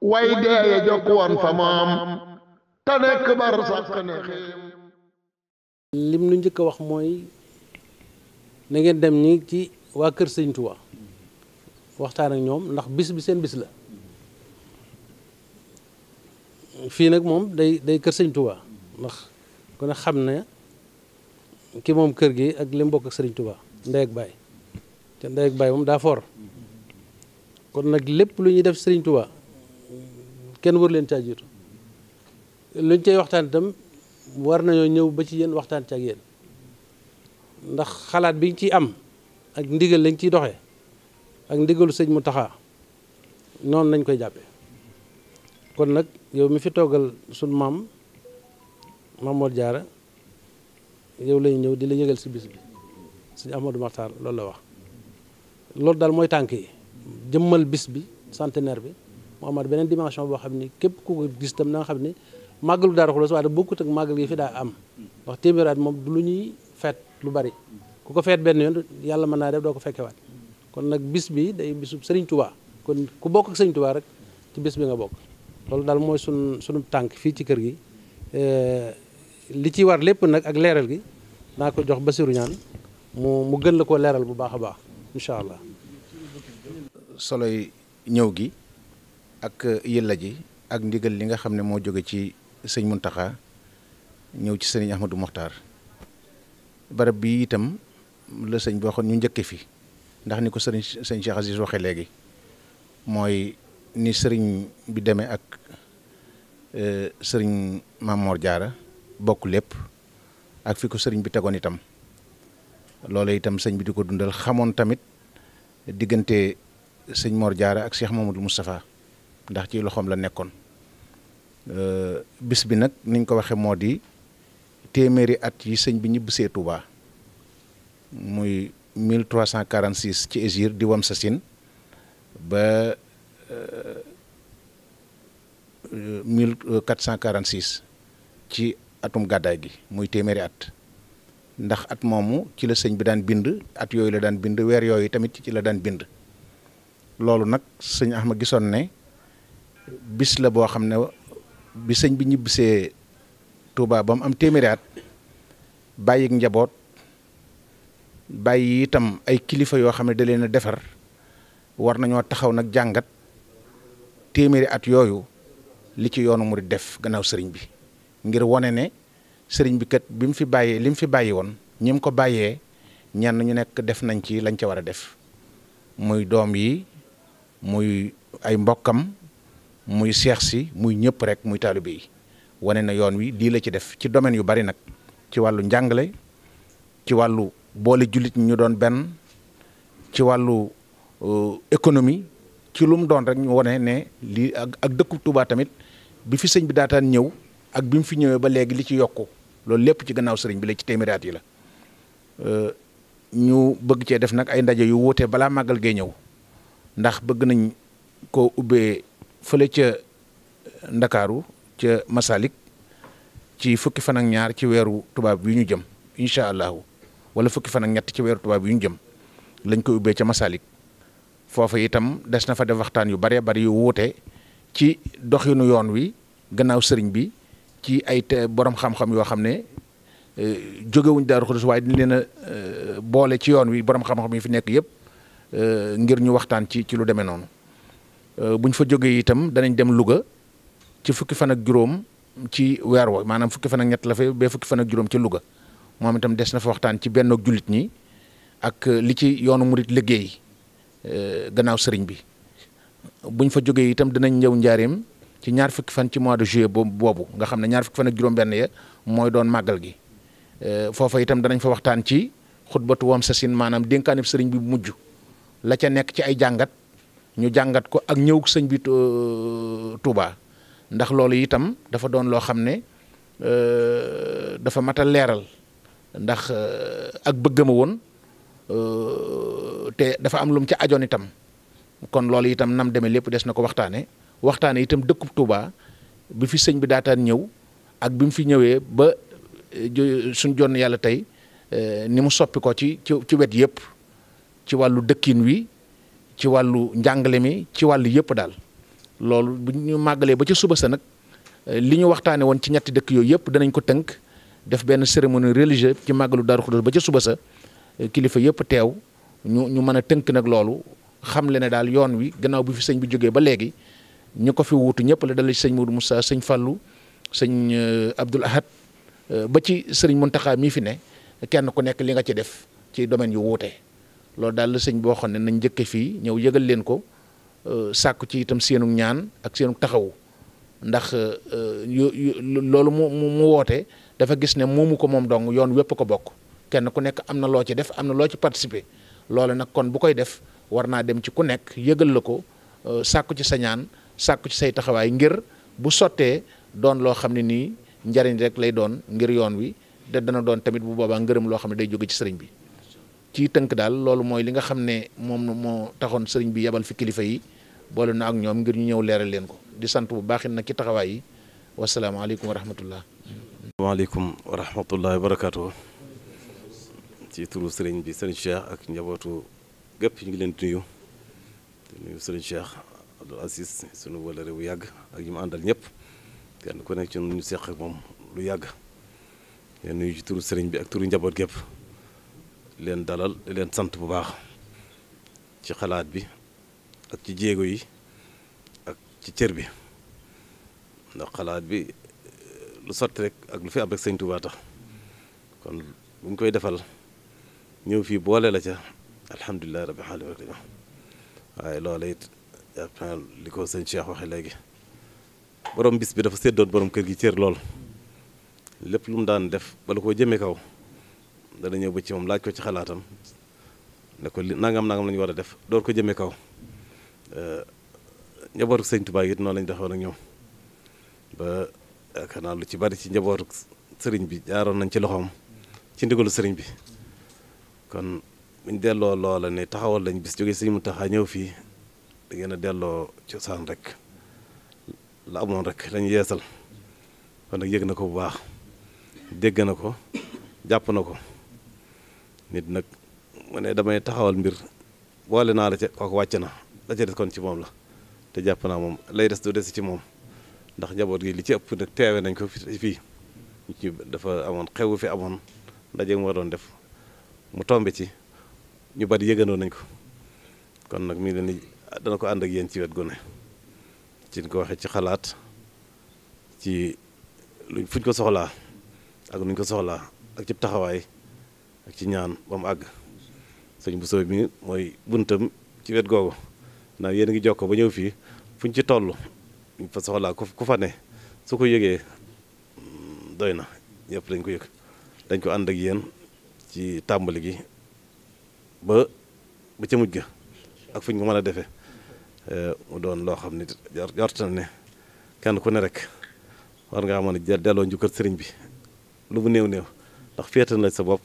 way deeye jokk woon fa moom bar sàq ne xéem lim nu njëkk a wax mooy na dem nii ci waa kër sëñ Tuuba waxtaan ak ñoom ndax bis bi seen bis la fii nag moom day day kër sëñ Tuuba ndax ku ne xam ne ki moom kër gi ak li mu bokk ak sëriñ Tuuba ndey ak baay te ndey ak baay moom daa foor kon nag lépp lu ñuy def sëriñ Tuuba kenn war leen caa jiitu luñ cay waxtaan itam war nañoo ñëw ba ci yéen waxtaan ci ak yéen ndax xalaat biñ ci am ak ndigal lañ ciy doxee ak ndigalu sëñ mu taxaa noonu lañ koy jàppe kon nag yow mi fi toogal suñ maam Mamoor Jaara yow lañ ñëw di la yëgal si bis bi sëñ Ahmadou Maxtaar loolu la wax loolu daal mooy tànk yi jëmmal bis bi centenaire bi amar benen dimension bo xamni kep ku ko gis tam na xamni maglu dara xolos Daaru Xuloos waaye ak yi fi da am wax téeméeraat mom du luñuy fet lu bari ku ko fet ben yon yalla mën naa def do ko wat kon nak bis bi day bisu Serigne Touba kon ku bok ak Serigne Touba rek ci bis bi nga bok loolu dal moy sun sunu tank fi ci kër gi eh, li ci war lepp nak ak leral gi ko jox basirou ñaan mu mu gën la bu baaxa baax inshallah allah. soloy ñew gi. ak euh, yëlla ji ak ndigal li nga xam ne moo jóge ci sëñ Muntaxa ñëw ci sëriñ Ahmadou Mokhtar barab bii itam la sëñ bi waxoon ñu njëkke fi ndax ni ko sëriñ sëñ Cheikh Aziz waxe léegi mooy ni sëriñ bi demee ak euh, sëriñ Mamor Jaara bokk lépp ak fi ko sëriñ bi tegoon itam loolu itam sëñ bi di ko dundal xamoon tamit diggante sëñ Mor Jaara ak Cheikh Mamadou Moustapha ndax ci loxom la euh bis bi nak niñ ko waxe modi téméré at yi señ bi ñibbisee Touba muy 1346 ci Égir di wam sasin ba 1446 euh, ci atum gaday gi muy téméré at ndax at momu ci la señ bi daan bind at yoy la daan bind weer yoy tamit ci la daan bind lolu nak señ Ahmad gisone ne bis la boo xam ne bi sëñ bi ñibbisee Touba ba mu am téeméeri at bàyyi njaboot bàyyi itam ay kilifa yoo xam ne da leen defar war nañoo taxaw nag jàngat téeméeri at yooyu li ci yoonu murid def gannaaw sëriñ bi ngir wane ne sëriñ bi kat bi mu fi bàyyee li mu fi bàyyi woon ñi ko bàyyee ñenn ñu nekk def nañ ci lañ ci war a def muy doom yi muy ay mbokkam muy seex si muy ñëpp rek muy taalibe yi wane na yoon wi lii la ci def ci domaine yu bari nag ci wàllu njàngale ci wàllu boole jullit ñu doon benn ci wàllu euh, économie ci lum doon rek ñu wane ne lii ak ak dëkku Touba tamit bi fi sëñ bi daataan ñëw ak bi mu fi ñëwee ba léegi li ci yokku loolu lépp ci gannaaw sëriñ bi la ci téeméeri yi la euh, ñu bëgg cee def nag ay ndaje yu wuute balaa màggal gee ñëw ndax bëgg nañ koo ubbee fële ca ndakaaru ca Masalik ci fukki fan ak ñaar ci weeru tubaab yi ñu jëm incha allahu wala fukki fan ñett ci weeru tubaab yu ñu jëm lañ koy ubbee ca Masalik foofu itam des na fa def waxtaan yu bëree bëri yu wuute ci doxinu yoon wi gannaaw sëriñ bi ci ay te borom xam-xam yoo xam ne eh, jógewuñ daaru xudus waaye dañ leen a eh, boole ci yoon wi borom xam-xam yi fi nekk yëpp eh, ngir ñu waxtaan ci ci lu demee noonu. Euh, bu ñu fa jógee itam danañ dem Louga ci fukki fan ak juróom ci weer maanaam fukki fan ak ñett la fa ba fukki fan ak juróom ci Louga moom itam des na fa waxtaan ci benn ak jullit ak euh, li ci yoonu murit liggéey euh, gannaaw sëriñ bi buñ fa jógee itam dinañ ñëw njaareem ci ñaar fukki fan ci mois de juillet boobu nga xam ne ñaar fukki fan ak juróom-benn ya mooy doon màggal gi foofa itam danañ fa waxtaan ci xutbatu wam sa sin maanaam dénkaanib sëriñ bi mujj la ca nekk ci ay jàngat ñu jangat ko ak ñëw señ bi euh, Touba ndax loolu itam dafa doon loo xam ne euh, dafa mata leral ndax euh, ak bëggama woon te dafa am lu mu ajoon itam kon loolu itam nam deme lépp des na ko waxtaane waxtaane itam dëkkub Touba bi fi señ bi daataan ñëw ak bi mu fi ñëwee ba suñ jonn yàlla tey ni mu soppi ko ci ci wet yépp ci wàllu dëkkin wi ci wàllu njàngale mi ci wàllu yëpp daal loolu bu ñu màggalee ba ca suba sa nag eh, li ñu waxtaanee woon ci ñetti dëkk yooyu yëpp danañ ko tënk def benn cérémonie religieuse ci màggalu Daaru Xudoos ba ca suba sa eh, kilifa yëpp teew ñu ñu mën a tënk nag loolu xam le ne daal yoon wi gannaaw bi fi sëñ bi jógee ba léegi ñu ko fi wuutu ñëpp la dala ci sëñ Modou Moussa sëñ Fallou sëñ eh, Abdoul Ahad ba ci sëriñ Mountakha mii fi ne kenn ku nekk li nga ci def ci domaine yu wuute. loolu daal la sëñ boo xam ne nañ njëkke fii ñëw yëgal leen ko euh, sàkku ci itam seenu ñaan ak seenu taxawu ndax euh, loolu mu mu woote dafa gis ne moomu ko moom dong yoon wépp ko bokk kenn ku nekk am na loo ci def am na loo ci participer loolu nag kon bu koy def war naa dem ci ku nekk yëgal la ko euh, sàkku ci sa ñaan sàkku ci say taxawaay ngir bu sottee doon loo xam ne nii njariñ rek lay doon ngir yoon wi te dana doon tamit bu boobaa ngërëm loo xam ne day jóge ci sëriñ bi ci teunk dal lolou moy li nga xamne mom mo taxone serigne bi yabal fi kilifa yi boole na ak ñom ngir ñu ñew leeral leen ko di sant bu baxina nak ci taxaway yi alaykum wa rahmatullah. alaykum wa rahmatullah wa barakatuh ci turu serigne bi serigne Cheikh ak njabotu gep ñu ngi leen di nuyu di nuyu sëriñ Cheikh abdou Aziz sunu wala rew yag ak yi mu àndal ñëpp kenn ku nekk ci ñu seq ak lu yag leen nuyu ci turu serigne bi ak turu njabot gep leen dalal di leen sant bu baax ci xalaat bi ak ci jéego yi ak ci cër bi ndax xalaat bi lu sotti rek ak lu fi am rek sëñ Tuubaa tax kon bu ñu koy defal ñëw fii boole la ca alhamdulilah rabbi alamin waaye loola it yaakaar li ko sëñ Cheikh waxee léegi borom bis bi dafa séddoon borom kër gi cër lool lépp lu mu daan def bala koo jëmee kaw. dana ñëw ba ci moom laaj ko ci xalaatam ne ko li nangam nangam la ñu war a def door ko jëmee kaw eh, njabootu sëñ Tuubaa it noonu la ñu doxoon ak ñoom ba yaakaar lu ci bari ci njabootu sëriñ bi jaaroon nañ ci loxoom ci ndigalu sëriñ bi kon buñ delloo loola ne taxawal lañ bis jógee sëñ Muntaxa ñëw fii da delloo cosaan rek la amoon rek lañ yeesal kon nag yëg na ko bu baax dégg na ko jàpp na ko nit nag mu ne damay taxawal mbir boole naa la ca kooku wàcc na la ca des kon ci moom la te jàpp naa moom lay des du des ci moom ndax njaboot gi li ci ëpp nag teewe nañ ko fii ci dafa amoon xewu fi amoon ndaje mu waroon def mu tombe ci ñu bari yëgandoo nañ ko kon nag mi ngi leen dana ko ànd ak yéen ci wet gone ci ci ko waxee ci xalaat ci luñ fuñ ko soxlaa ak nuñ ko soxlaa ak ci taxawaay ci ñaan ba mu àgg sëñ bu sooy mi mooy buntam ci wet googu ndax yéen a ngi jokkoo ba ñëw fii fuñ ci toll fa soxlaa ku fa su ko yëgee mm, doy na yëpp dañ ko yëg dañ ko ànd ak yéen ci tàmbali gi ba ba ca mujj ga ak fuñ ko mën a defee eh, mu doon loo xam ne jort na ne kenn ku ne rek war ngaa mën a delloo njukkal sëriñ bi lu mu néew néew ndax féetal na sa bopp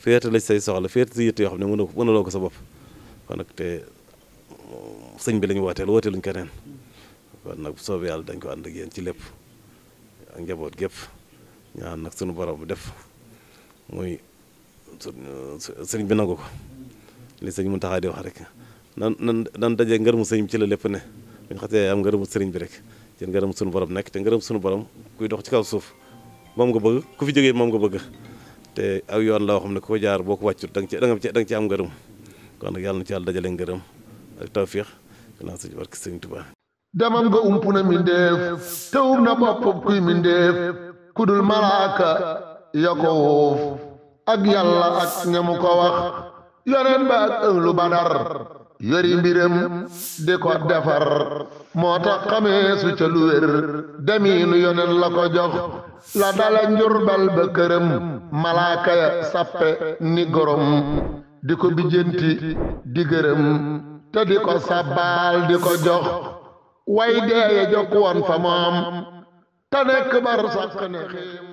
féete la say soxla féete si yitte yoo xam ne mënoo mënaloo ko sa bopp kon nag te sëñ bi la ñu wooteel wooteeluñ keneen nag bu soobee dañ ko ànd ak ci lépp ak njaboot gépp ñaan nag sunu borom def muy sëñ bi nangu ko li sëñ Muntaxa di wax rek nan nan nan dajee ngërëmu sëñ bi ci la lépp ne buñ xasee am ngërëmu sëriñ bi rek ci ngërëm sunu borom nekk te ngërëm sunu borom kuy dox ci kaw suuf moom nga bëgg ku fi jógee moom nga bëgg te aw yoon la woo xam ne ko jaar boo ko wàccut da nga ci da ngërëm kon nag yàlla na ci yàlla dajale ngërëm ak tawfiix dinaa sëñ barke sëñ Tuubaa demam nga umpuna mindeef te um na bopp kuy mindeef kudul malaaka ya ko wóof ak yàlla ak ñemu ko wax yoneen ba ak ënglu badar yori mbiram di ko defar moo tax xamee su ca lu wér demiinu yoneen la ko jox la dala njurbal ba këram malaaka ya sappe ni gorom di ko bijjanti di gërëm te di ko sabbaal di ko jox way deeye jokk woon fa moom te nekk bar sàkk